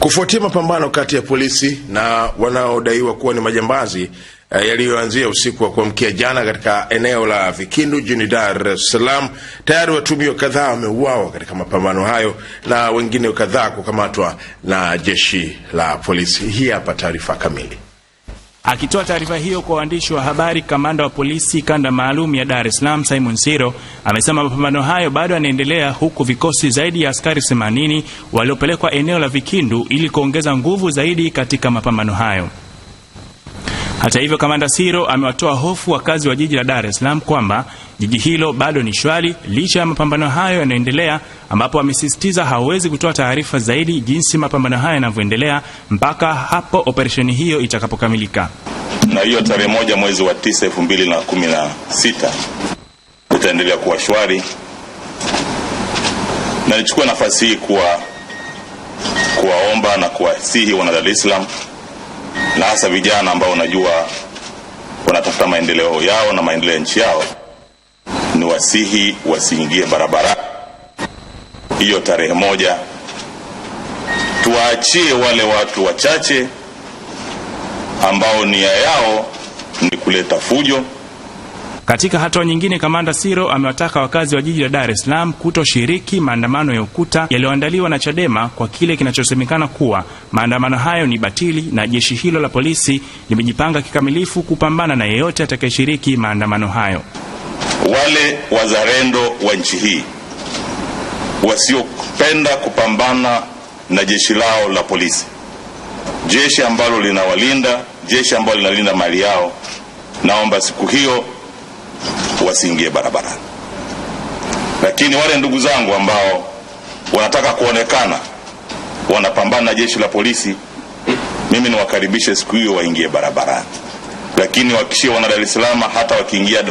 Kufuatia mapambano kati ya polisi na wanaodaiwa kuwa ni majambazi eh, yaliyoanzia usiku wa kuamkia jana katika eneo la Vikindu jini Dar es Salaam, tayari watumiwa kadhaa wameuawa katika mapambano hayo na wengine kadhaa kukamatwa na jeshi la polisi. Hii hapa taarifa kamili. Akitoa taarifa hiyo kwa waandishi wa habari, kamanda wa polisi kanda maalum ya Dar es Salaam Simon Siro amesema mapambano hayo bado yanaendelea, huku vikosi zaidi ya askari 80 waliopelekwa eneo la Vikindu ili kuongeza nguvu zaidi katika mapambano hayo. Hata hivyo, kamanda Siro amewatoa hofu wakazi wa jiji la Dar es Salaam kwamba jiji hilo bado ni shwari licha ya mapambano hayo yanayoendelea ambapo amesisitiza hawezi kutoa taarifa zaidi jinsi mapambano hayo yanavyoendelea mpaka hapo operesheni hiyo itakapokamilika. Na hiyo tarehe moja mwezi wa tisa elfu mbili na kumi na sita itaendelea kuwa shwari, na nichukue nafasi hii kuwaomba na kuwasihi wana Dar es Salaam na hasa vijana ambao unajua wanatafuta maendeleo yao na maendeleo ya nchi yao, ni wasihi wasiingie barabara hiyo tarehe moja. Tuwaachie wale watu wachache ambao nia yao ni kuleta fujo. Katika hatua nyingine, kamanda Siro amewataka wakazi wa jiji la Dar es Salaam kutoshiriki maandamano ya ukuta yaliyoandaliwa na Chadema kwa kile kinachosemekana kuwa maandamano hayo ni batili na jeshi hilo la polisi limejipanga kikamilifu kupambana na yeyote atakayeshiriki maandamano hayo. Wale wazalendo wa nchi hii wasiopenda kupambana na jeshi lao la polisi, jeshi ambalo linawalinda, jeshi ambalo linalinda mali yao, naomba siku hiyo wasiingie barabarani. Lakini wale ndugu zangu ambao wanataka kuonekana wanapambana na jeshi la polisi, mimi niwakaribishe siku hiyo waingie barabarani, lakini wakishie wana Dar es Salaam, hata wakiingia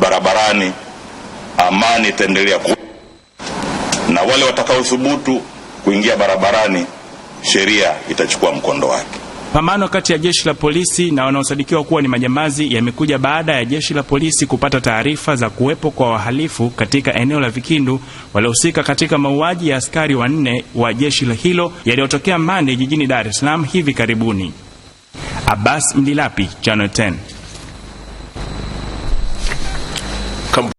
barabarani amani itaendelea ku na wale watakaothubutu kuingia barabarani sheria itachukua mkondo wake. Pambano kati ya jeshi la polisi na wanaosadikiwa kuwa ni majambazi yamekuja baada ya jeshi la polisi kupata taarifa za kuwepo kwa wahalifu katika eneo la Vikindu waliohusika katika mauaji ya askari wanne wa jeshi hilo yaliyotokea Mande jijini Dar es Salaam hivi karibuni. Abbas Mdilapi, Channel 10.